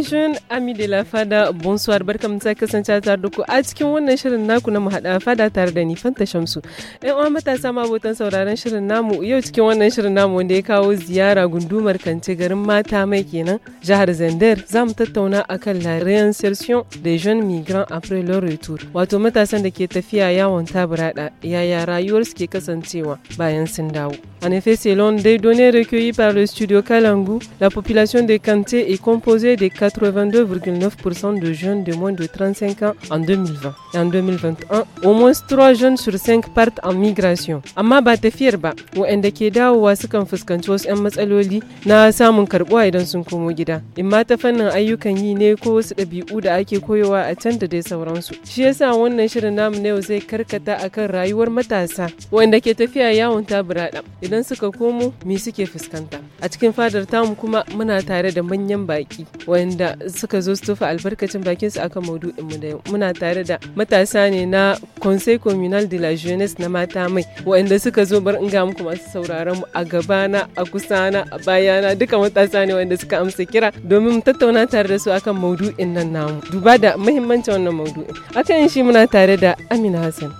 Amis jeunes, amis de la fada, bonsoir, barkam ta kasance tare da ku a cikin wannan shirin naku na haɗa fada tare da ni Fanta Shamsu. Ɗan uwa matasa ma abotan sauraron shirin namu yau cikin wannan shirin namu wanda ya kawo ziyara gundumar Kance garin mata mai kenan jihar Zandar za mu tattauna akan la réinsertion des jeunes migrants après leur retour. Wato matasan da ke tafiya yawon taburada yaya rayuwar su ke kasancewa bayan sun dawo. En effet, selon des données recueillies par le studio Kalangu, la population de Kante est composée de 82,9% de jeunes de moins de 35 ans en 2020. Et en 2021, au moins 3 jeunes sur 5 partent en migration. Amma ba tafiyar ba, waɗanda ke dawowa sukan fuskanci wasu 'yan matsaloli na samun karɓuwa idan sun komo gida. in ma ta fannin ayyukan yi ne ko wasu ɗabi'u da ake koyowa a can da dai sauransu. Shi yasa wannan shirin namu na yau zai karkata akan rayuwar matasa waɗanda ke tafiya yawon taburaɗa idan suka komo me suke fuskanta. A cikin fadar tamu kuma muna tare da manyan baƙi waɗanda da suka zo su tofa albarkacin bakin su akan maudu'in mu da yau muna tare da matasa ne na conseil communal de la jeunesse na mata mai waɗanda suka zo bar in ga muku masu sauraron mu a gabana a kusana a bayana duka matasa ne waɗanda suka amsa kira domin mu tattauna tare da su akan maudu'in nan namu duba da muhimmancin wannan maudu'in akan shi muna tare da Amina Hassan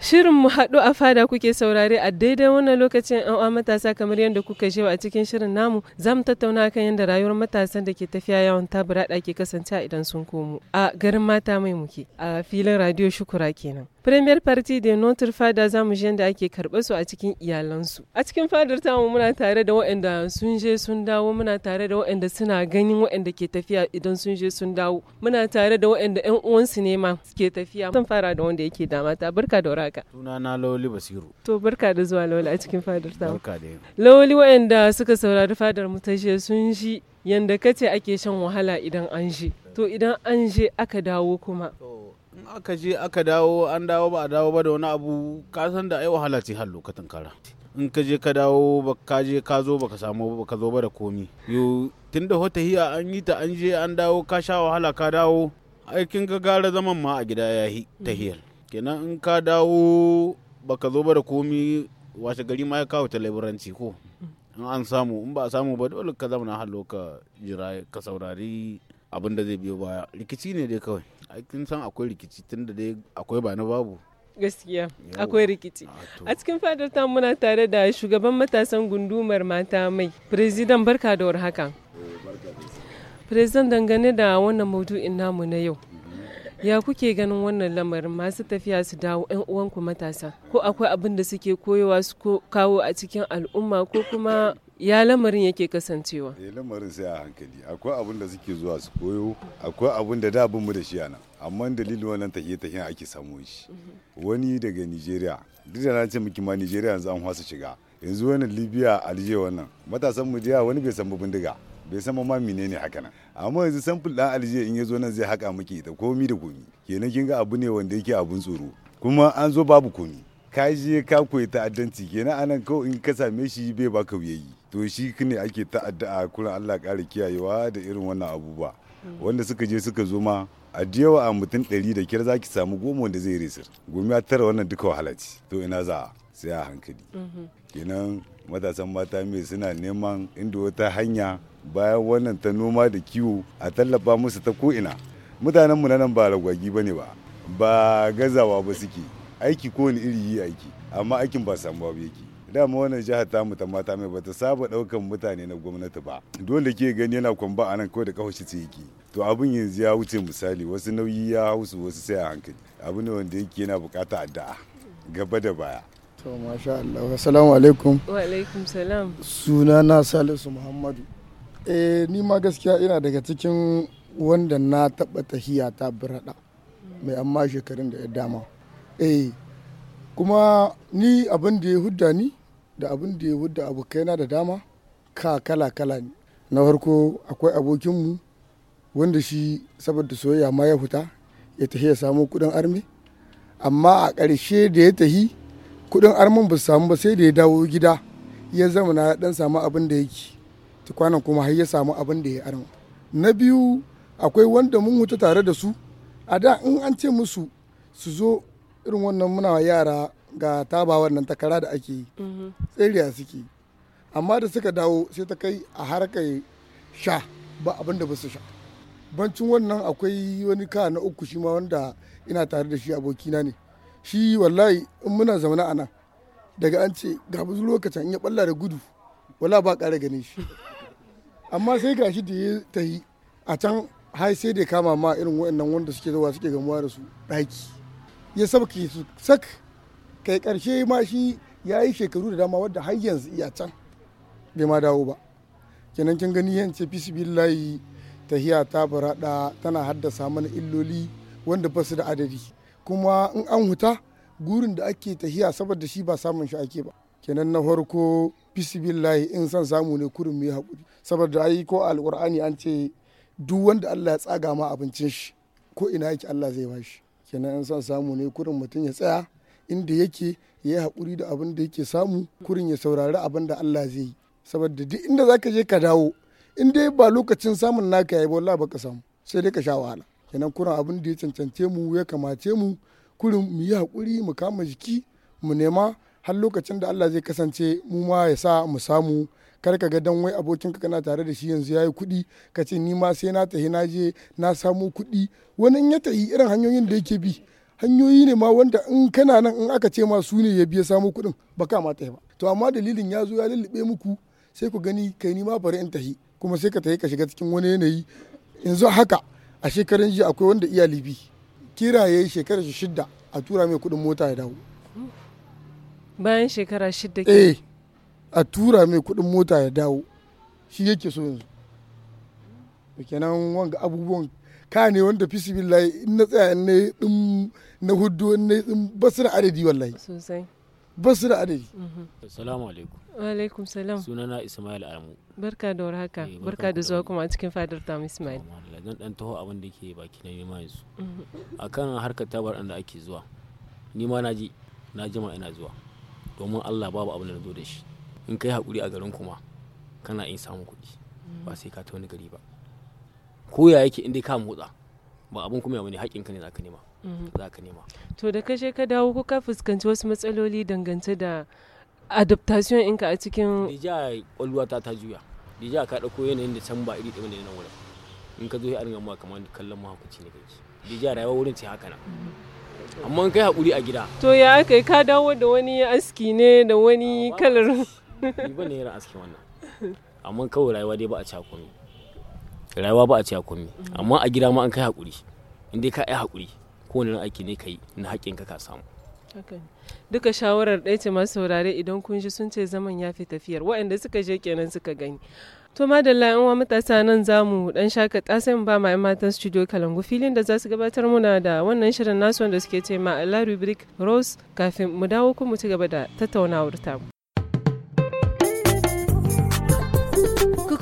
Shirin mu haɗu a fada kuke saurare a daidai wannan lokacin an matasa kamar yadda kuka shewa a cikin shirin namu za mu tattauna kan yadda rayuwar matasan da ke tafiya yawon tabura ke kasance a idan sun komo a garin mata mai muke a filin radio shukura kenan. Premier Party da Notre Fada za mu da ake karɓa su a cikin iyalansu. A cikin fadar tamu muna tare da waɗanda sun je sun dawo, muna tare da waɗanda suna ganin waɗanda ke tafiya idan sun je sun dawo. Muna tare da waɗanda yan uwan sinema suke tafiya. Zan fara da wanda yake dama ta Barka da waraka. Suna na lauli Basiru. To barka da zuwa lauli a cikin fadar tamu. Barka da Lawali waɗanda suka saurari fadar mu ta je sun ji yanda kace ake shan wahala idan an je. To idan an je aka dawo kuma. aka je aka dawo an dawo ba a dawo ba da wani abu ka san da ai wahala ce har lokacin kara in ka je ka dawo ba ka je ka zo ba ka samu ba ka zo ba da komi yo tun da wata hiya an yi ta an je an dawo ka sha wahala ka dawo aikin ga gara zaman ma a gida ya yi ta hiyar kenan in ka dawo ba ka zo ba da komi washe gari ma ya kawo ta laburanci ko in an samu in ba a samu ba dole ka zama na hallo ka jira ka saurari abin da zai biyo baya rikici ne dai kawai kin san akwai rikici da dai akwai ba na babu gaskiya akwai rikici ah, a cikin fadar ta muna tare da shugaban matasan gundumar mata mai prezidan barka da warhaka eh, prezidan dangane da wannan maudu'in namu na yau ya kuke ganin wannan lamarin masu tafiya su dawo yan uwanku matasa ko akwai abin da suke koyewa su kawo a cikin al'umma ko kuma ya lamarin yake kasancewa ya eh, lamarin sai a hankali akwai abin da suke zuwa su koyo akwai abin da da mu da shi a nan amma dalilin wannan tafiye tafiyen ake samu shi mhm. wani daga nigeria duk da na ce miki ma nigeria yanzu an hwasa shiga yanzu wani libya alje wannan matasan mu jiya wani bai san bindiga bai san ma menene haka nan amma yanzu samfur dan alje in ya zo nan zai haka miki ita komi da komi kenan kin ga abu ne wanda yake abun tsoro kuma an zo babu komi ka je ka koyi ta'addanci kenan anan kawai in ka same shi bai baka wuyayi to shi ne ake ta'adda a kullum Allah ƙara kiyayewa da irin wannan abubuwa wanda suka je suka zo ma a yawa a mutum ɗari da kyar zaki samu goma wanda zai resir gomi a tara wannan duka wahala ce to ina za sai a hankali mhm. kenan matasan mata mai suna neman inda wata hanya bayan wannan ta noma da kiwo a tallafa musu ta ko'ina mutanenmu na nan ba ragwagi ba ne ba ba gazawa ba suke aiki ko wani iri yi aiki amma aikin ba samu babu yake dama wannan jihar ta ta mata mai bata saba daukan mutane na gwamnati ba dole ke gani yana kwamba anan ko da kawashi ce yake to abin yanzu ya wuce misali wasu nauyi ya hausu wasu sai a hankali abu ne wanda yake yana bukata addu'a gaba da baya to masha Allah assalamu alaikum wa alaikum salam suna na Salisu Muhammadu eh ni ma gaskiya ina daga cikin wanda na taba tahiya ta burada mai amma shekarun da ya dama eh kuma ni abin da ya hudda ni da abin da ya hudda abokaina da dama ka kala kala ne na farko akwai abokinmu wanda shi saboda soyayya ma ya huta ya tafi ya samu kudin armi amma a ƙarshe da ya tafi kudin armin ba samu ba sai da ya dawo gida ya zama na dan samu abin da yake tukwanan kuma har ya samu abin da ya arma na biyu akwai wanda mun huta tare da su a da in an ce musu su zo irin wannan muna yara ga taba wannan takara da ake yi mm-hmm. tsiriya suke amma da suka dawo sai ta kai a harkar sha ba abin da ba su sha bancin wannan akwai wani ka na uku shi ma wanda ina tare da shi abokina ne shi wallahi in muna zaune a nan daga an ce ga wasu lokacin in ya balla da gudu wala ba ƙara ganin shi amma sai ga shi da ya tahi a can har sai da kama ma irin waɗannan wanda suke zuwa suke gamuwa da su ɗaki ya sauke su sak kai karshe ma shi ya yi shekaru da dama wadda har yanzu iya can bai ma dawo ba kenan kin gani yance bisbillahi tahiya ta barada tana haddasa mana illoli wanda ba su da adadi kuma in an huta gurin da ake tahiya saboda shi ba samun shi ake ba kenan na farko bisbillahi in san samu ne kurin mu yi hakuri saboda ayi ko alqur'ani an ce duk wanda Allah ya tsaga ma abincin shi ko ina yake Allah zai bashi kenan an san samu ne kurin mutum ya tsaya inda yake ya yi haƙuri da abin da yake samu kurin ya saurari abin da Allah zai yi saboda duk inda zaka je ka dawo in dai ba lokacin samun naka ya yayi wallahi baka samu sai dai ka sha wahala kenan kurin abin da ya cancance mu ya kamace mu kurin mu yi haƙuri mu kama jiki mu nema har lokacin da Allah zai kasance mu ma ya sa mu samu kar ka ga dan wai abokin ka kana tare da shi yanzu yayi kuɗi ka ce ni ma sai na tafi na je na samu kuɗi wani in ya tahi irin hanyoyin da yake bi hanyoyi ne ma wanda in kana nan in aka ce ma su ne ya biya samu kuɗin ba ka ma tafi ba to amma dalilin ya zo ya lullube muku sai ku gani kai ni ma bari in tafi kuma sai ka tafi ka shiga cikin wani yanayi yanzu haka a shekarun jiya akwai wanda iya libi kiraye shekarar shidda a tura mai kuɗin mota ya dawo bayan shekara shidda eh a tura mai kudin mota ya dawo shi yake so yanzu da kenan wanga abubuwan ka ne wanda fisi billahi in na tsaya in na din na hudu in na din basu da adadi wallahi sosai basu da adadi mhm. assalamu alaikum alaikum salam sunana ismail alamu barka da warhaka eh, barka da zuwa kuma a cikin fadar tamu ismail zan dan taho abin da ke baki na neman yanzu mhm. akan harkar tabar da ake zuwa ni ma na ji na jima ina zuwa domin Allah babu abin da zo da shi in kai haƙuri a garin kuma kana in samun kuɗi ba sai ka ta wani gari ba ko ya yake inda ka motsa ba abin kuma wani haƙin ka ne ka nema mhm. ka nema to da kashe ka dawo ko ka fuskanci wasu matsaloli dangance da adaptation ɗinka a cikin dija ƙwalwa ta ta juya dija ka ɗauko yanayin da can ba iri ɗaya wani nan wurin in ka zo ya arin ma kamar kallon mahaukaci ne kai dija rayuwa wurin ce haka na. Mhm. amma kai haƙuri a gida to ya aka ka dawo da wani aski ne da wani kalar ba ne aski wannan amma kawai rayuwa dai ba a rayuwa ba a amma a gida ma an kai hakuri inda ka yi hakuri aiki ne kai na haƙƙin ka samu duka shawarar ɗaya ce masu saurare idan kun ji sun ce zaman ya fi tafiyar waɗanda suka je kenan suka gani to da yan uwa matasa nan za mu dan shaka sai mu ba ma yan matan studio kalangu filin da za su gabatar muna da wannan shirin nasu wanda suke ce ma ala rubric rose kafin mu dawo kuma mu ci gaba da tattaunawar tamu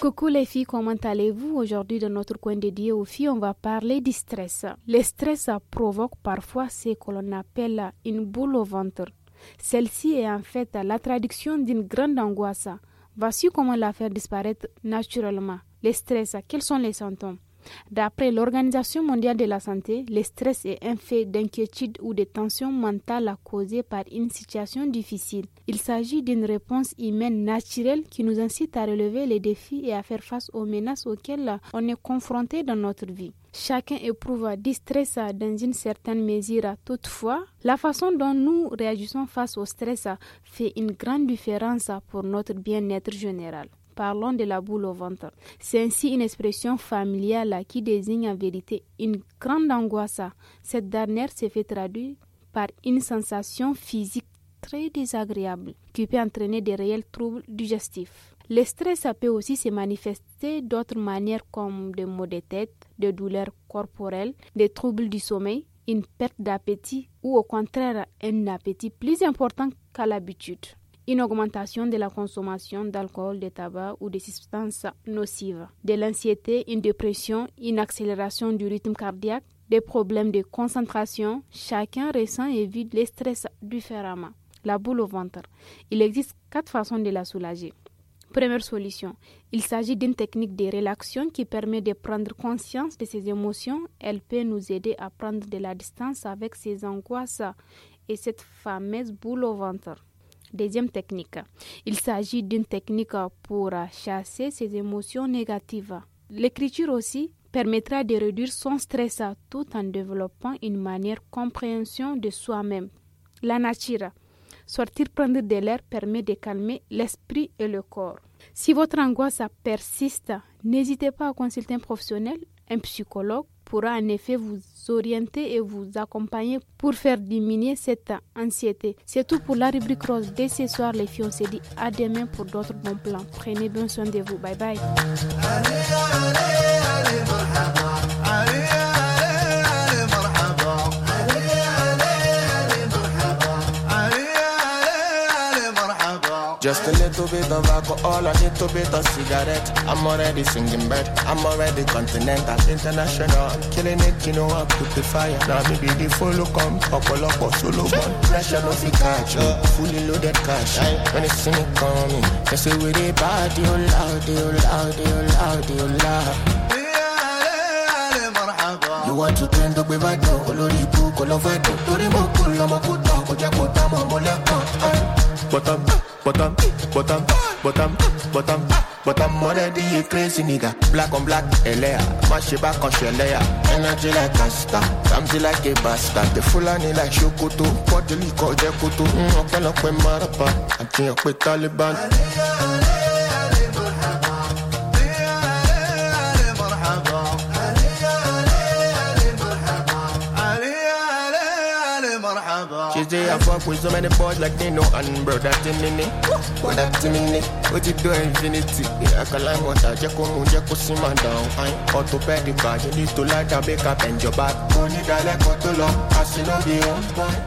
Coucou les filles, comment allez-vous Aujourd'hui, dans notre coin dédié aux filles, on va parler du stress. Le stress provoque parfois ce que l'on appelle une boule au ventre. Celle-ci est en fait la traduction d'une grande angoisse. Voici comment la faire disparaître naturellement. Le stress, quels sont les symptômes D'après l'Organisation mondiale de la santé, le stress est un fait d'inquiétude ou de tension mentale causée par une situation difficile. Il s'agit d'une réponse humaine naturelle qui nous incite à relever les défis et à faire face aux menaces auxquelles on est confronté dans notre vie. Chacun éprouve du stress dans une certaine mesure. Toutefois, la façon dont nous réagissons face au stress fait une grande différence pour notre bien-être général. Parlons de la boule au ventre. C'est ainsi une expression familiale qui désigne en vérité une grande angoisse. Cette dernière se fait traduire par une sensation physique très désagréable qui peut entraîner des réels troubles digestifs. Le stress peut aussi se manifester d'autres manières comme des maux de tête, des douleurs corporelles, des troubles du sommeil, une perte d'appétit ou au contraire un appétit plus important qu'à l'habitude une augmentation de la consommation d'alcool, de tabac ou de substances nocives, de l'anxiété, une dépression, une accélération du rythme cardiaque, des problèmes de concentration. Chacun ressent et vit le stress différemment. La boule au ventre. Il existe quatre façons de la soulager. Première solution, il s'agit d'une technique de relaxation qui permet de prendre conscience de ses émotions. Elle peut nous aider à prendre de la distance avec ses angoisses et cette fameuse boule au ventre. Deuxième technique. Il s'agit d'une technique pour chasser ses émotions négatives. L'écriture aussi permettra de réduire son stress tout en développant une manière compréhension de soi-même. La nature. Sortir prendre de l'air permet de calmer l'esprit et le corps. Si votre angoisse persiste, n'hésitez pas à consulter un professionnel, un psychologue pourra en effet vous orienter et vous accompagner pour faire diminuer cette anxiété. C'est tout pour la rubrique rose. Dès ce soir, les filles, on dit à demain pour d'autres bons plans. Prenez bien soin de vous. Bye bye. Just a little bit of alcohol, a little bit of cigarette. I'm already singing bird, I'm already continental, international. I'm killing it, you know I put the fire. Now me be the full come, ọ̀pọ̀lọpọ̀ solo gun. Pressure no fit catch me, uh, fully loaded cash. When they see me coming, they say we the bad, you loud, you loud, you loud, you loud. You want to trend up with a dog, olórí ikú kò lọ fẹ́ dùn. Torí mo Color lọ́mọ kú tán, kò jẹ́ kó dá mọ́ mo lẹ́kọ̀ọ́. But I'm Bottom, bottom, bottom, bottom, bottom. am but i crazy nigga. Black on black, Elea. Mash it back on Shelea. Energy like a star. Something like a bastard. The Fulani like Shokoto. What the liquor, Jekoto. Mm, I'm gonna quit Marapa. I can't quit Taliban. Hallelujah. DJ, I fuck with so many boys like Nino and brother me, What that me. ó do tó infinity àkàlà ìwọ̀sà jẹ́ kó mu jẹ́ kó símà dàn án ọ̀tọ̀pẹ́ẹ́dì bàjẹ́ nítorí ládàbí kàpẹ́ńjọba onídàálẹ́kọ̀ọ́ tó lọ àṣìlóbi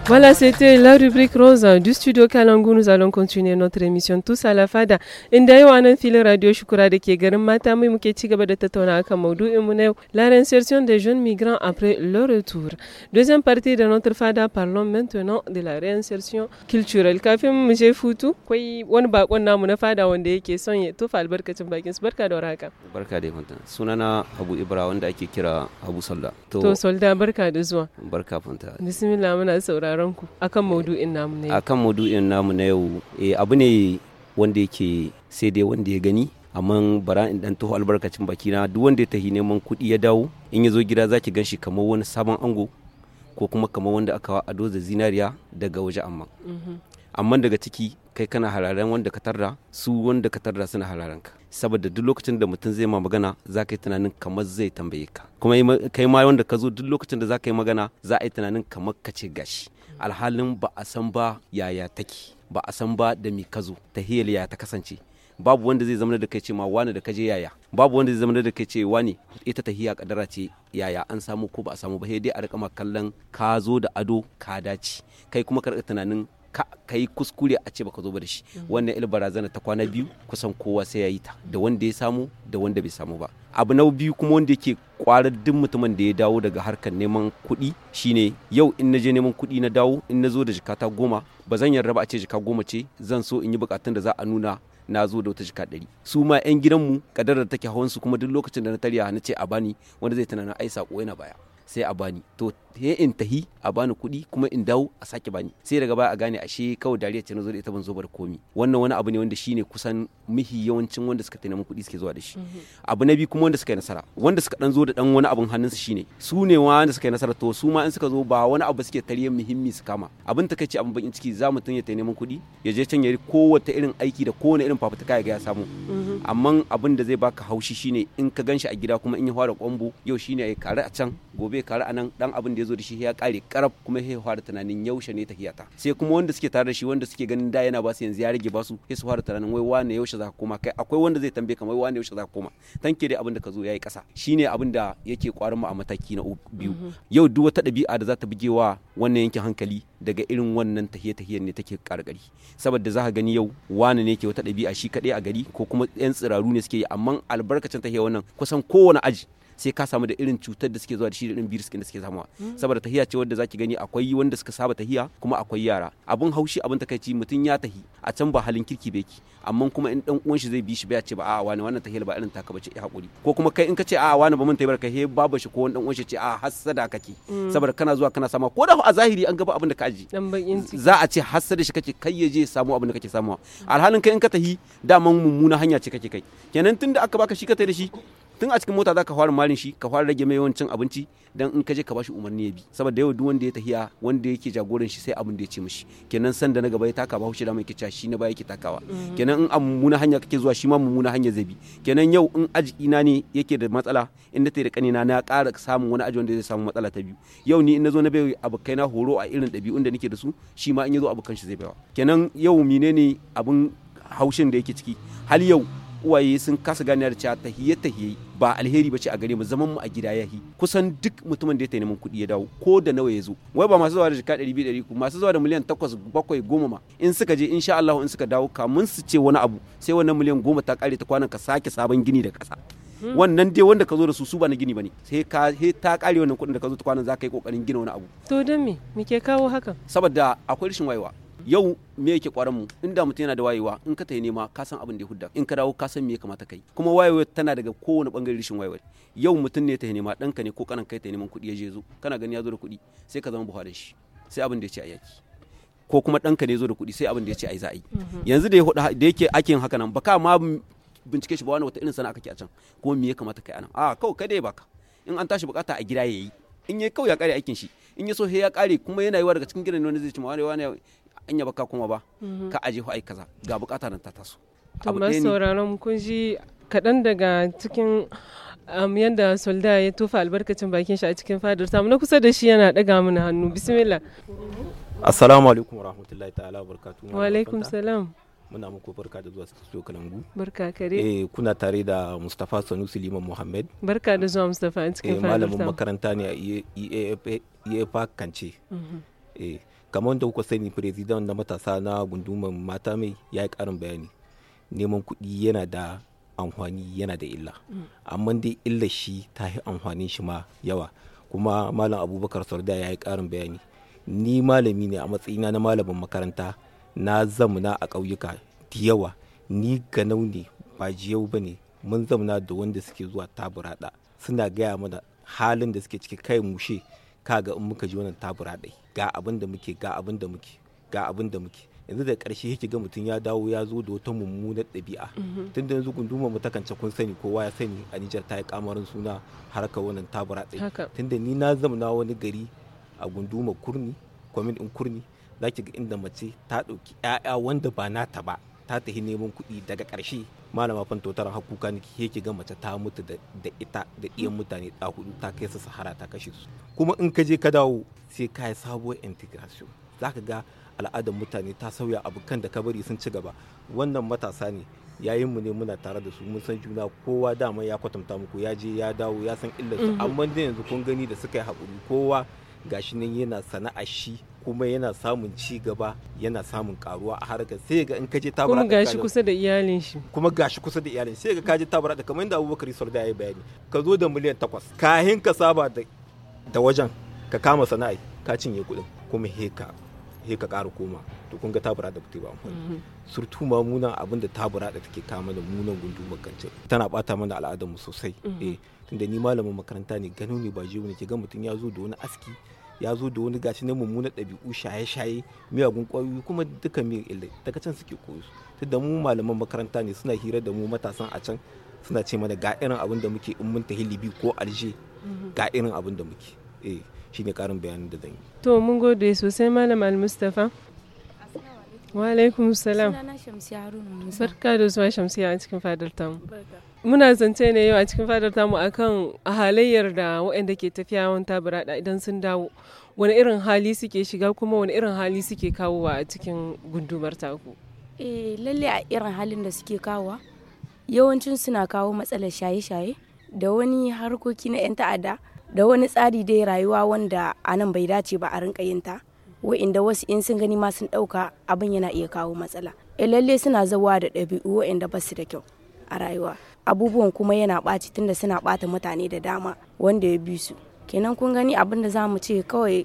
Voilà, c'était la rubrique rose euh, du studio Kalangu. Nous allons continuer notre émission tous à la fada. Inda yau anan filin radio shukura de ke garin mata mai muke ci gaba da tattauna akan maudu'in mu na la réinsertion des jeunes migrants après leur retour. Deuxième partie de notre fada, parlons maintenant de la réinsertion culturelle. Kafim mu Futu, futu, akwai wani bakon namu na fada wani wanda yake son ya tofa albarkacin bakin su barka da warhaka barka da fanta sunana abu ibra wanda ake kira abu solda to solda barka da zuwa barka fanta bismillah muna sauraron ku akan eh, maudu'in namu ne akan maudu'in namu na yau eh, abu ne wanda yake sai dai wanda ya gani amma bara in dan taho albarkacin baki na duk wanda ya tahi neman kuɗi ya dawo in ya zo gida zaki gan shi kamar wani sabon ango ko kuma kamar wanda aka wa ado da zinariya daga waje amma mhm. amma daga ciki kai kana hararen wanda ka tarda su wanda ka tarda suna hararen ka saboda duk lokacin da mutum zai ma magana za ka yi tunanin kamar zai tambaye ka kuma kai ma wanda ka zo duk lokacin da za ka yi magana za a yi tunanin kamar ka ce gashi alhalin ba a san ba yaya take ba a san ba da mi ka zo ta ya ta kasance babu wanda zai zama da kai ce ma wani da ka je yaya babu wanda zai zama da kai ce wani ita ta hiya kadara ce yaya an samu ko ba a samu ba sai dai a rika ma kallon ka zo da ado ka dace kai kuma ka rika tunanin ka yi kuskure a ce baka zo ba da shi mm. wannan il barazana ta kwana biyu kusan kowa sai ya yi ta da wanda ya samu da wanda bai samu ba abu na biyu kuma wanda yake kwarar duk mutumin da ya dawo daga harkar neman kuɗi shine yau in na je neman kuɗi na dawo in na zo da jikata goma ba zan yarda ba a ce jika goma ce zan so in yi bukatun da za a nuna na zo da wata jika ɗari su ma 'yan gidanmu kadar da take hawan su kuma duk lokacin da na tarya na ce a bani wanda zai tunanin ai sako yana baya sai a bani to sai in tahi a bani kuɗi kuma in dawo a sake bani sai daga baya a gane ashe kawai dariya ce na zo da ita ban zo bar komi wannan wani abu ne wanda shine kusan mihi yawancin wanda suka taimaka kuɗi suke zuwa da shi mhm. abu na biyu kuma wanda suka yi nasara wanda suka dan zo da dan wani abun su shine su ne wanda suka yi nasara to su ma in suka zo ba wani abu suke tarihin muhimmi su kama abin kace abin bakin ciki za mutum ya taimaka kuɗi ya je can ya yi kowace irin aiki da kowane irin fafutuka ya ga ya samu mhm. amma abin da zai baka haushi shine in ka ganshi a gida kuma in ya fara kwambo yau shine ya kare a can gobe kare a nan dan abin da zo da shi ya kare karab kuma ya tunanin yaushe ne ta sai kuma wanda suke tare da shi wanda suke ganin da yana ba su yanzu ya rage ba su sai su fara tunanin wai wane yaushe za ka koma kai akwai wanda zai tambaye ka wai wane yaushe za ka koma tanke dai abin da ka zo yayi kasa shine abin da yake kwarin mu a mataki na biyu mm-hmm. yau duk wata dabi'a da za ta wa wannan yankin hankali daga irin wannan tahiye tahiyar ne take karkari saboda za ka gani yau wane ne ke wata dabi'a shi kaɗai a gari ko kuma yan tsiraru ne suke yi amma albarkacin tahiyar wannan kusan kowane aji sai ka samu da irin cutar da suke zuwa da shi da irin virus da suke samuwa saboda tahiya ce wanda zaki gani akwai wanda suka saba tahiya kuma akwai yara abun haushi abun takaici mutum ya tahi a can ba halin kirki beki amma kuma in dan uwan shi zai bi shi bai ya ce ba aa wani wannan tahiyar ba irin taka bace ya hakuri ko kuma kai in ka ce aa wani ba mun tayi barka he babu shi ko wani dan uwan shi ce aa hassada kake mm. saboda kana zuwa kana sama ko da a zahiri an gaba abin da ka aji za a ce hassada shi kake kai ya je samu abin da kake samuwa alhalin kai in ka tahi daman mummuna hanya ce kake kai kenan tunda aka baka shi ka tayi da shi tun a cikin mota za ka fara malin shi ka fara rage mai yawancin abinci dan in ka je ka bashi umarni ya bi saboda yau duk wanda ya tahiya wanda yake jagoran shi sai abin da ya ce mishi kenan san da na gaba ya taka ba hushi da mai kica shi na baya yake takawa mm. kenan in a mummuna hanya kake zuwa shi ma mummuna hanya zai bi kenan yau in aji na ne yake da matsala in na da kanina na ƙara samun wani aji wanda zai samu matsala ta biyu yau ni in na zo na bai abokai na horo a irin ɗabi'un da nake da su shi ma in ya zo abokan shi zai baiwa kenan yau menene abin haushin da yake ciki hal yau uwaye sun kasa da cewa tahiye tahiye ba alheri ce a gare mu zaman mu a gida yahi kusan duk mutumin da ya neman kuɗi ya dawo ko da nawa ya zo wai ba masu zuwa da jika biyu ɗari masu zuwa da miliyan takwas bakwai goma ma in suka je insha Allah in suka dawo kamun su ce wani abu sai wannan miliyan goma ta ƙare ta kwanan ka sake sabon gini da ƙasa hmm. wannan dai wanda ka zo da su su ba na gini bane sai ka he ta kare wannan kuɗin da ka zo ta kwanan za ka yi kokarin gina wani abu to dan me me ke kawo hakan saboda akwai rashin wayewa yau me yake kwaran mu inda mutum yana da wayewa in ka tayi nema ka san abin da ya hudda in ka dawo ka san me ya kamata kai kuma wayewa tana daga kowane bangare rishin wayewa yau mutum ne ta nema ɗanka ne ko kanan kai ta neman kuɗi ya je zo kana gani ya zo da kuɗi sai ka zama buha da shi sai abin da ya ce a yaki ko kuma ɗanka ne zo da kuɗi sai abin da ya ce ai za yi mm-hmm. yanzu da ya yake ake yin haka nan baka ma bincike shi ba wani wata irin sana'a kake a can ko me ya kamata kai anan a kawai kai dai baka in an tashi bukata a gida yayi in yayi kawai ya kare aikin shi in ya so ya kare kuma yana yiwa daga cikin gidan wani zai ci ma wani ya baka kuma ba mhm. ka aje ai kaza ga bukata nan ta taso to sauraron kun ji kaɗan daga cikin um, yadda solda ya tofa albarkacin bakin shi a cikin fadar samu na kusa da shi yana ɗaga mana hannu bismillah assalamu alaikum warahmatullahi ta'ala barkatu wa alaikum salam muna muku barka da zuwa studio kalangu barka kare eh kuna tare da mustafa sanusi liman muhammad barka da zuwa mustafa a cikin eh, fadar malamin makaranta ne a eafa e kance mhm. Eh, kamar da kuka sani firizidan na matasa na gunduman mata mai ya yi karin bayani neman kuɗi yana da amfani yana da illa mm. amma dai illa shi ta yi amfani shi ma yawa kuma malam abubakar sarda ya yi karin bayani ni malami ne a matsayina na malamin makaranta na zamuna a ƙauyuka da yawa ni ganau ne ba jiyau ba ne mun zamuna da wanda suke zuwa taburada suna gaya mana halin da suke ciki kai mushe kaga in muka ji wannan taburaɗai ga abin da muke ga abin da muke ga abin da muke yanzu da karshe yake ga mutum ya dawo ya zo da wata mummunar ɗabi'a mm-hmm. tun da yanzu gunduma mu takance kun sani kowa ya sani a Nijar ta yi kamarin suna harkar wannan tabura tsaye tun da ni na zamna wani gari a gunduma kurni kwamin in kurni zaki ga inda mace ta ɗauki 'ya'ya wanda ba nata ba ta tafi neman kuɗi daga ƙarshe malama tara hakuka ne yake ga mace ta mutu da ita da iyan mutane ta hudu ta kai su sahara ta kashe su kuma in ka je ka dawo sai ka yi sabuwar integration za ka ga al'adar mutane ta sauya abu kan da ka bari sun ci gaba wannan matasa ne yayin mu ne muna tare da su mun san juna kowa dama ya kwatanta muku ya je ya dawo ya san illar su mhm. amma yanzu kun gani da suka yi hakuri kowa gashi nan yana sana'a shi kuma yana samun ci gaba yana samun karuwa a harkar sai ga in ka je tabara kuma gashi kusa da iyalin shi kuma gashi kusa da iyalin sai ga ka je tabara da kamar yadda Abubakar Isar da yayi bayani ka zo da miliyan 8 kahin ka saba da da wajen ka kama sana'a ka cinye kuɗin kuma heka heka ƙara koma to kun ga tabura da kuke ba mu mhm. surtu ma munan abin da tabura da take kama da munan gundu kancin tana bata mana al'adar mu sosai mhm. eh tunda ni malamin makaranta ne gano ne ba jiwo ne ke ga mutum ya zo da wani aski ya zo da wani gashi na mummunan ɗabi'u shaye-shaye miyagun ƙwayoyi kuma duka miyar illai daga can suke koyo su da mu malaman makaranta ne suna hira da mu matasan a can suna ce mana ga irin abin da muke in mun tafi libi ko alje mhm. ga irin abin da muke eh shine karin bayanin da zan yi to mun gode sosai malam al-mustafa Wa alaikum salam. Sunana Shamsiya Barka da zuwa Shamsiya a cikin fadar tamu. Muna zance ne yau a cikin fadar tamu akan halayyar da waɗanda ke tafiya wani tabirada idan sun dawo. Wani irin hali suke shiga kuma wani irin hali suke kawowa a cikin gundumar taku? Eh lalle a irin halin da suke kawowa yawancin suna kawo matsalar shaye-shaye da wani harkoki na 'yan ta'ada da wani tsari dai rayuwa wanda a nan bai dace ba a rinka yin ta. wa'inda wasu in sun gani ma sun ɗauka abin yana iya kawo matsala e lalle suna zawa da ɗabi'u wa'inda ba su da kyau a rayuwa abubuwan kuma yana ɓaci tunda suna ɓata mutane da dama wanda ya bi su kenan kun gani abin da za mu ce kawai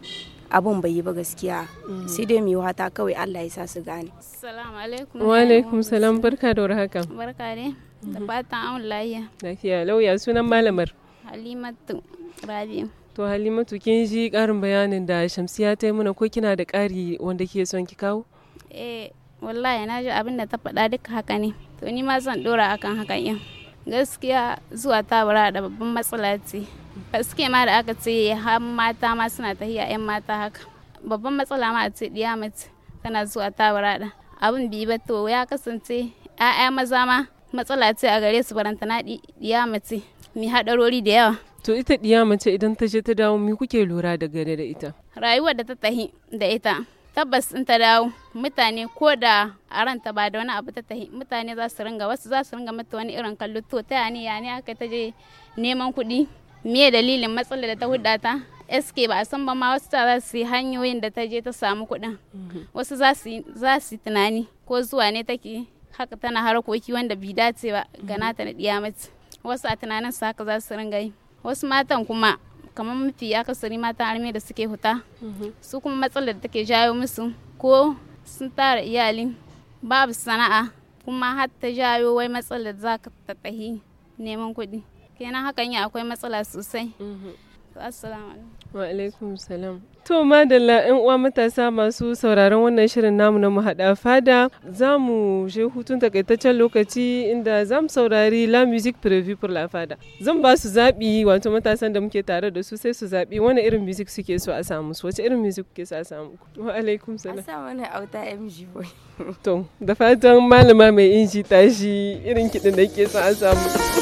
abin bai yi ba gaskiya mm. sai dai mai wata kawai Allah ya sa su gane assalamu alaikum wa alaikum salam barka da warhaka barka ne da mhm. fatan an lafiya lafiya lauya sunan malamar halimatu rabi'u To Halimatu kin ji ƙarin bayanin da Shamsiya ta yi mana ko kina da ƙari wanda ke son ki kawo? Eh wallahi na ji abin da ta faɗa duka haka ne. To ni ma zan ɗora akan hakan yin. Gaskiya zuwa tabara da babban matsala ce. gaskiya ma da aka ce har mata ma suna tahiya 'yan mata haka. Babban matsala ma a ce ɗiya mace tana zuwa ta da. Abin bi ba to ya kasance 'ya'ya maza ma matsala ce a gare su barantana diya mace. Mi haɗarori da yawa. To ita ɗiya mace idan ta je ta dawo mi kuke lura da gare da ita? Rayuwar da ta tahi da ita. Tabbas in ta dawo mutane ko da a ranta ba da wani abu ta tahi mutane za su ringa wasu za su ringa mata wani irin kallo to ta yani ya ne aka ta je neman kuɗi me dalilin matsalar da ta hudda ta SK ba a san ba ma wasu ta za su yi hanyoyin da ta je ta samu kuɗin mhm. wasu za su yi tunani ko zuwa ne take haka tana harkoki wanda bi dace ba ga mhm. nata na ɗiya mace wasu a tunanin su haka za su ringa yi wasu matan kuma kamar mafi akasari matan arme da suke huta mhm. su kuma matsalar da take jayo musu ko sun tara iyali babu sana'a kuma har ta jayo wai matsalar za ka tattahi neman kuɗi kenan hakan ya akwai matsala sosai mhm. Assalamu alaikum. Wa alaikum salam. To madalla in uwa matasa masu sauraron wannan shirin namu na haɗa fada za mu je hutun takaitaccen lokaci inda za mu saurari la music preview pour la fada. Zan ba su zaɓi wato matasan da muke tare da su sai su zaɓi wani irin music suke so a samu su wace irin music kuke so a samu ku. Wa alaikum salam. Asa wani auta MG boy. To da fatan malama mai inji tashi irin kiɗin da ke so a samu.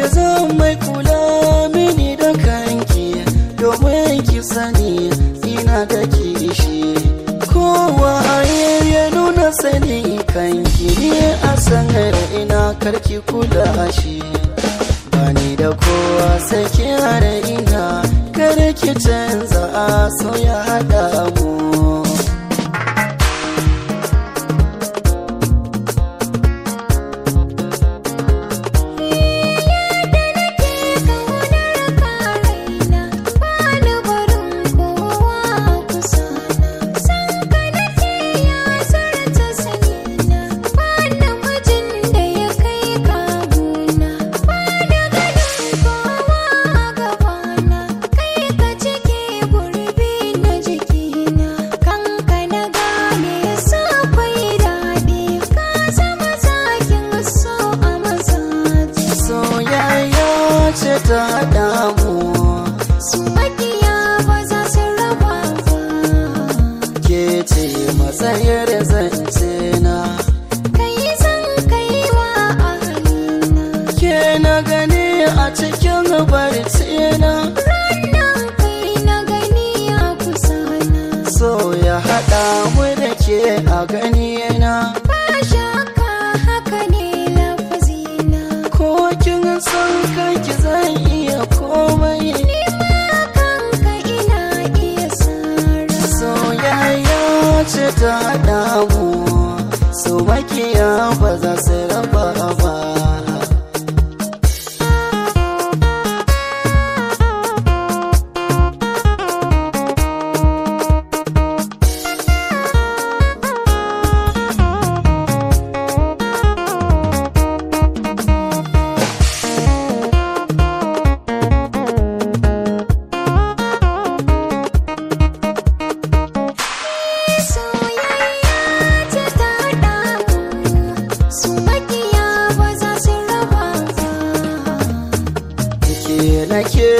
ki zan mai kula mini da kanki domin ki sani ina da kishi kowa a ya nuna sani kanki ne a sanar ina karki kula shi bani da kowa sai kira ina kar ki canza a soya hada mu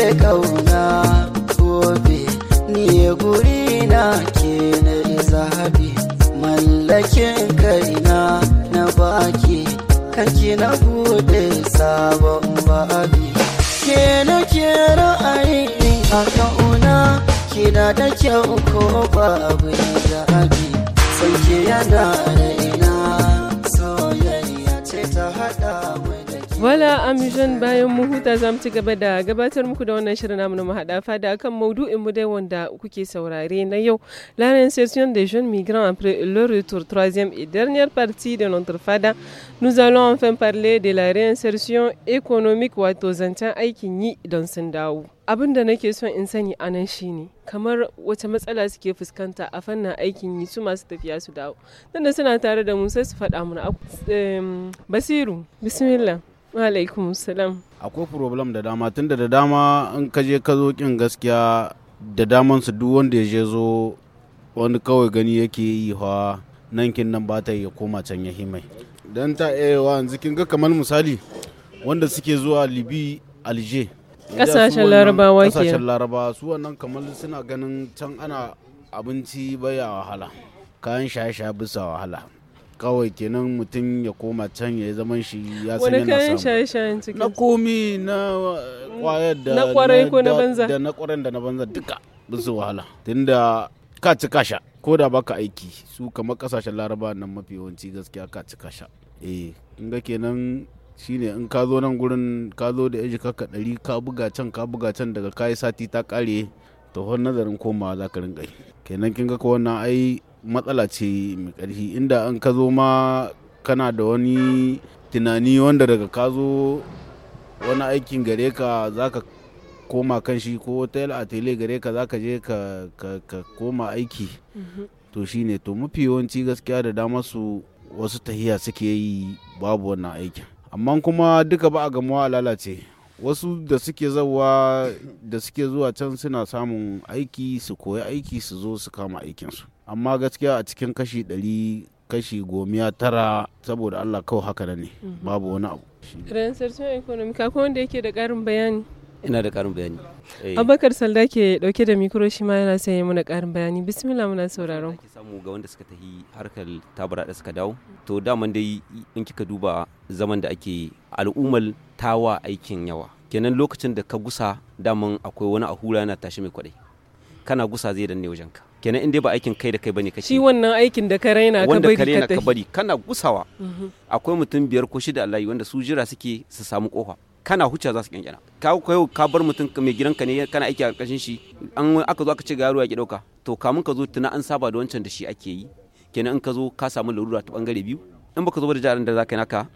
kauna gobe ni guri na ke na zaɓi mallakin kaina na baki kake na bude sabon babi ke na ke ra'ayi a kauna kina da kyau ko babu zaɓi sanke yana Madala Amijan bayan mu huta za mu ci gaba da gabatar muku da wannan shirin namu na mahaɗa fada kan maudu'in mu dai wanda kuke saurare na yau. La réinsertion des jeunes migrants après leur retour troisième et dernière partie de notre fada. Nous allons enfin parler de la réinsertion économique wato zancen aikin yi don sun dawo. Abin da nake son in sani a nan shine kamar wace matsala suke fuskanta a fannin aikin yi su masu tafiya su dawo. Tunda suna tare da mu sai su faɗa mana. Ehm, Basiru, bismillah. Walaikum salam. Akwai problem da dama tunda da dama in ka je ka zo kin gaskiya da daman su duk wanda ya je zo wani kawai gani yake yi hawa nan kin nan ba ta yi koma can ya himai. Dan ta eh, wa yanzu kin ga kamar misali wanda suke zuwa Libi Alger. Kasashen Larabawa ke. Kasashen Larabawa su wannan kamar suna ganin can ana abinci baya wahala. Kayan shaye-shaye bisa wahala. kawai kenan mutum ya koma can ya zama shi ya san yana samu wani kayan shaye-shayen cikin na komi na uh, mm. kwayar da na kwarai ko na banza da na kwarai da na banza duka bisu wahala tunda ka ci kasha ko da baka aiki su kamar kasashen laraba nan mafi yawanci gaskiya ka ci kasha eh in ga kenan shine in ka zo nan gurin ka zo da yaji kaka ɗari ka buga can ka buga can daga kayi sati ta kare to har nazarin komawa za ka rinka yi kenan kin ga ko wannan ai matsala ce mai ƙarfi inda an ka zo ma kana da wani tunani wanda daga ka zo wani aikin gare ka za ka koma kan shi ko hotel a tele gare ka za ka je ka koma aiki mm-hmm. to shi ne to mafi yawanci gaskiya da dama su wasu tahiya suke yi babu wannan aikin amma kuma duka ba a gamuwa a lalace wasu da suke zawa da suke zuwa can suna samun aiki su koyi aiki su zo su kama aikinsu amma gaskiya a cikin kashi ɗari kashi gomiya tara saboda allah kawai haka ne mhm. babu wani abu. Transation economic akwai wanda yake da ƙarin bayani. ina da karin bayani eh. abubakar salda ke dauke da mikro shi ma yana sanya mana karin bayani bismillah muna sauraron Ake samu ga wanda suka tafi harkar tabara da suka dawo to daman dai in kika duba zaman da ake al'ummar tawa aikin yawa kenan lokacin da ka gusa daman akwai wani a hula yana tashi mai kwadai kana gusa zai danne wajen ka kenan in dai ba aikin kai da kai bane kace shi wannan aikin da ka raina ka bari ka bari kana gusawa mhm. akwai mutum biyar ko shida Allah wanda su jira suke su samu kofa kana huce za su kyankyana ka kai ka bar mutum mai gidanka ne kana aiki a karkashin shi an aka zo aka ce ga yaro ya ki dauka to kamun ka zo tuna an saba da wancan da shi ake yi kenan in ka zo ka samu larura ta bangare biyu in baka zo da jaran da zaka yi naka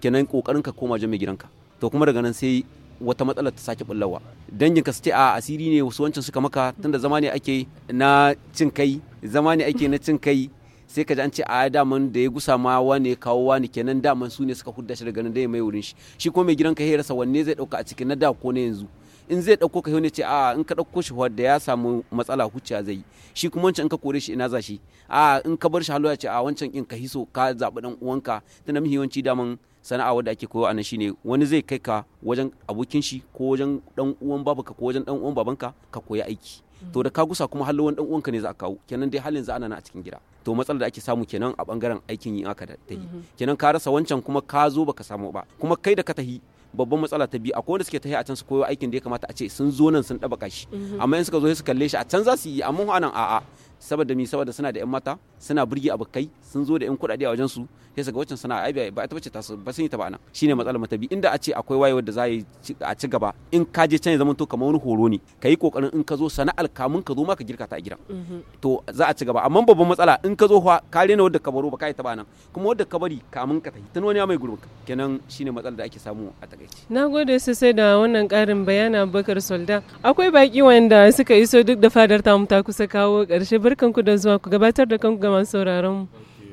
kenan kokarin ka koma jin mai gidanka to kuma daga nan sai wata matsala ta sake bullawa dangin ka su ce a asiri ne wasu wancan suka maka tunda zama ne ake na cin kai zama ne ake na cin kai sai ka ji an ce a daman da ya gusa ma wane kawo wani kenan daman su ne suka hudda shi daga nan da ya mai wurin shi shi kuma mai gidan ka hira sa wanne zai dauka a cikin na da ko na yanzu in zai dauko ka ne ce a in ka dauko shi da ya samu matsala huciya zai yi shi kuma wancan in ka kore shi ina za shi a in ka bar shi haluwa ce a wancan in ka hiso ka zaɓi dan uwanka tana muhimmanci daman sana'a wadda ake koyo a nan shine wani zai kai ka wajen abokin shi ko wajen dan uwan babanka ko wajen dan uwan babanka ka koyi aiki to da ka gusa kuma halin wani dan uwanka ne za a kawo kenan dai halin za a na a cikin gida to matsalar da ake samu kenan a bangaren aikin yin aka tahi mhm. kenan ka rasa wancan kuma ka zo baka samu ba kuma kai da ka tahi babban matsala ta biyu akwai wanda suke tahi a can su koyo aikin da ya kamata a ce sun zo nan sun daba kashi mhm. amma in suka zo sai su kalle shi a can za su yi amma anan a'a saboda mi saboda suna da yan mata suna burge kai sun zo da yan kudade a wajen su sai saka wacce sana'a ai ba ta bace ta su ba sun yi ta ba nan shine matsalar bi inda a ce akwai wayewar da za yi a ci gaba in ka je can ya zama to kamar wani horo ne ka yi kokarin in ka zo sana'ar kamun ka zo ma ka girka ta a gidan mm-hmm. to za a ci gaba amma babban matsala in ka zo fa ka rena wadda ka baro ba ka yi ta ba nan kuma wadda ka bari kamun ka tafi tun wani ya mai gurbin kenan shine matsalar da ake samu a takaice nagode sosai da wannan karin bayana bakar solda akwai baki wanda suka iso duk da fadar tamu ta kusa kawo karshe barkanku da zuwa ku gabatar da kanku ga masu sauraron mu.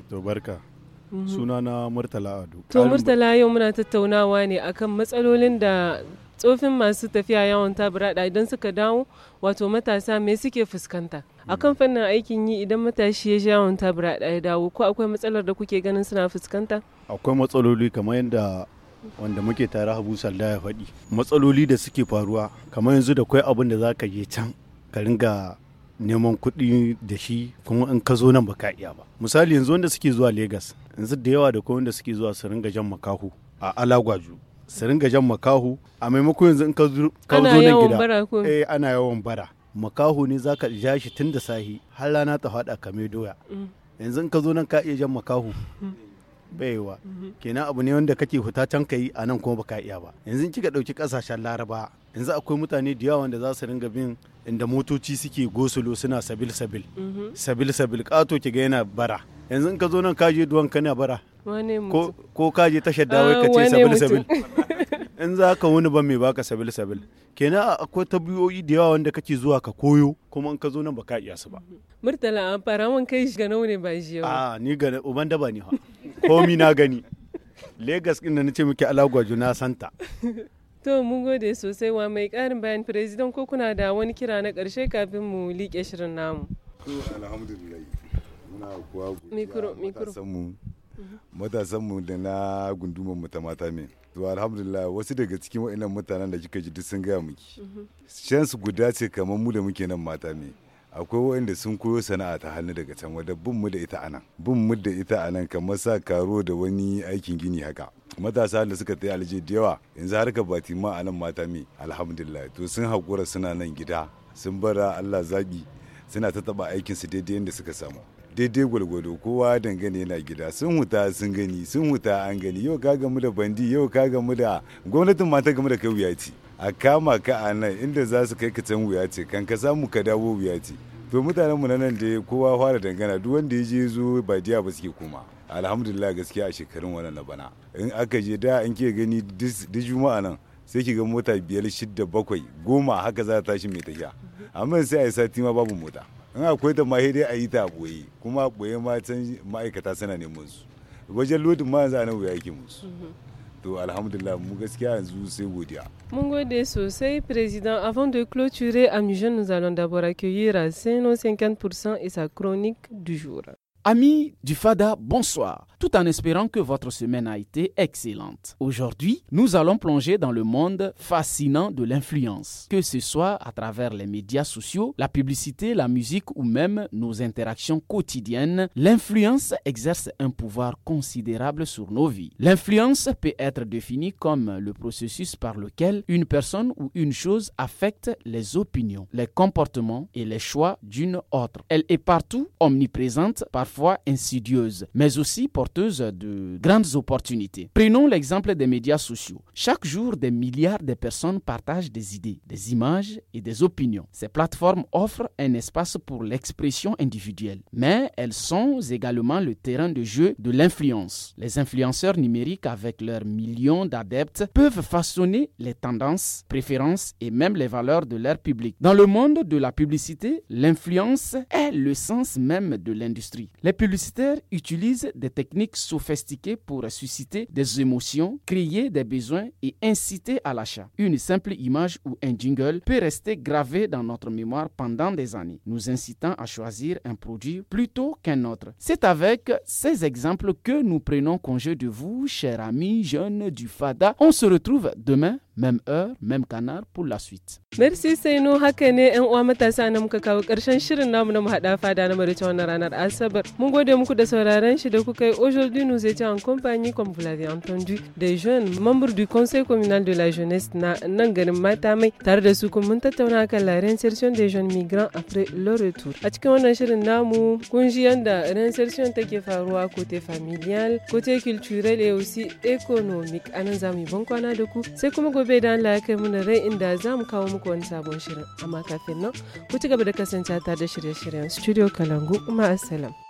To barka. suna na Murtala Ado. To Murtala yau muna tattaunawa ne akan matsalolin da tsofin masu tafiya yawon birada idan suka dawo wato matasa me suke fuskanta akan fannin aikin yi idan matashi ya ji yawon birada ya dawo ko akwai matsalar da kuke ganin suna fuskanta akwai matsaloli kamar yadda wanda muke tare habu salda ya faɗi matsaloli da suke faruwa kamar yanzu da kwai abin da za ka je can ka ringa neman kuɗi da shi kuma in ka zo nan baka iya ba misali yanzu wanda suke zuwa Legas yanzu da yawa da kuma wanda suke zuwa su ringa jan makahu a alagwaju su ringa jan makahu a maimakon yanzu in ka zo nan gida eh ana yawan bara makahu ne zaka ja shi tun da sahi har rana ta faɗa kame doya mm. yanzu in ka zo nan ka iya jan makahu mm. baiwa mm-hmm. kenan abu ne wanda kake fita can kai a nan kuma baka iya ba yanzu kika ɗauki ƙasashen laraba yanzu akwai mutane da yawa da za su ringa bin inda motoci suke gosulo suna sabil mhm. sabil sabil sabil kato ki ga yana bara yanzu in ka zo nan ka je duwan kana bara ko ka je tashar dawai ka ce ah, sabil sabil in za ka wani ba mai baka sabil sabil kenan akwai tabiyoyi da yawa wanda kake zuwa ka koyo kuma in ka zo nan ba ka iya su ba murtala an fara mun kai ga nau ne ba shi a ni ga uban daba ni ha komi na gani Legas din da nace miki alagwaju na santa To mun gode sosai wa mai karin bayan firizidan ko kuna da wani kira na karshe kafin mu liƙe shirin namu. To alhamdulillah muna kuwa matasanmu mhm. matasanmu da na gunduman mu ta mata mai. To alhamdulillah wasu daga cikin wa'annan mutanen da kika ji duk sun gaya miki. Mhm. Shansu guda ce kamar mu da muke nan mata mai. akwai waɗanda sun koyo sana'a ta hannu daga can wadda bin mu da ita anan bin mu da ita kamar sa karo da wani aikin gini haka matasa da suka tayi alje da yawa yanzu har ka ma ma anan mata me alhamdulillah to sun haƙura suna nan gida sun bara Allah zaɓi suna ta taɓa aikin su daidai yadda suka samu daidai gwalgwado kowa dangane yana gida sun huta sun gani sun huta an gani yau ka gamu da bandi yau ka gamu da gwamnatin mata gamu da kai wuya a kama ka a nan inda za su kai ka can wuya ce kan ka samu ka dawo wuya ce to mutanen na nan da kowa fara dangana duk wanda ya je zo ba diya ba suke koma alhamdulillah gaskiya a shekarun wannan na bana in aka je da in ke gani duk juma'a nan sai ki ga mota biyar shidda bakwai goma haka za ta tashi mai tafiya amma sai a yi sati ma babu mota in akwai ta ma dai a yi ta boye kuma boye ma can ma'aikata suna neman su wajen lodin ma yanzu a nan wuya yake musu to alhamdulillah président avant de clôturer à nous allons d'abord accueillir à euh, 50% et sa chronique du jour Ami du Fada, bonsoir tout en espérant que votre semaine a été excellente. Aujourd'hui, nous allons plonger dans le monde fascinant de l'influence, que ce soit à travers les médias sociaux, la publicité, la musique ou même nos interactions quotidiennes. L'influence exerce un pouvoir considérable sur nos vies. L'influence peut être définie comme le processus par lequel une personne ou une chose affecte les opinions, les comportements et les choix d'une autre. Elle est partout, omniprésente, parfois insidieuse, mais aussi pour de grandes opportunités. Prenons l'exemple des médias sociaux. Chaque jour, des milliards de personnes partagent des idées, des images et des opinions. Ces plateformes offrent un espace pour l'expression individuelle, mais elles sont également le terrain de jeu de l'influence. Les influenceurs numériques, avec leurs millions d'adeptes, peuvent façonner les tendances, préférences et même les valeurs de leur public. Dans le monde de la publicité, l'influence est le sens même de l'industrie. Les publicitaires utilisent des techniques techniques sophistiquées pour susciter des émotions, créer des besoins et inciter à l'achat. Une simple image ou un jingle peut rester gravé dans notre mémoire pendant des années, nous incitant à choisir un produit plutôt qu'un autre. C'est avec ces exemples que nous prenons congé de vous, chers amis jeunes du FADA. On se retrouve demain même heure, même canard pour la suite. Merci Seino Hakane yan uwa matasa na muka kawo karshen shirin namu na hada fada na maraicin wannan ranar Asabar. Mun gode muku da sauraron shi da kuka yi. Aujourd'hui nous étions en compagnie comme vous l'avez entendu des jeunes membres du Conseil communal de la jeunesse na nan garin Matamai tare da su mun tattauna kan la réinsertion des jeunes migrants après leur retour. A cikin wannan shirin namu kun ji yanda réinsertion take faruwa côté familial, côté culturel et aussi économique. A nan za mu yi bankwana da ku sai kuma gobe idan Allah ya kai mu rai inda za mu kawo muku wani sabon shirin. Amma kafin nan, ku ci gaba da kasance tare da shirye-shiryen Studio Kalangu, kuma assalam.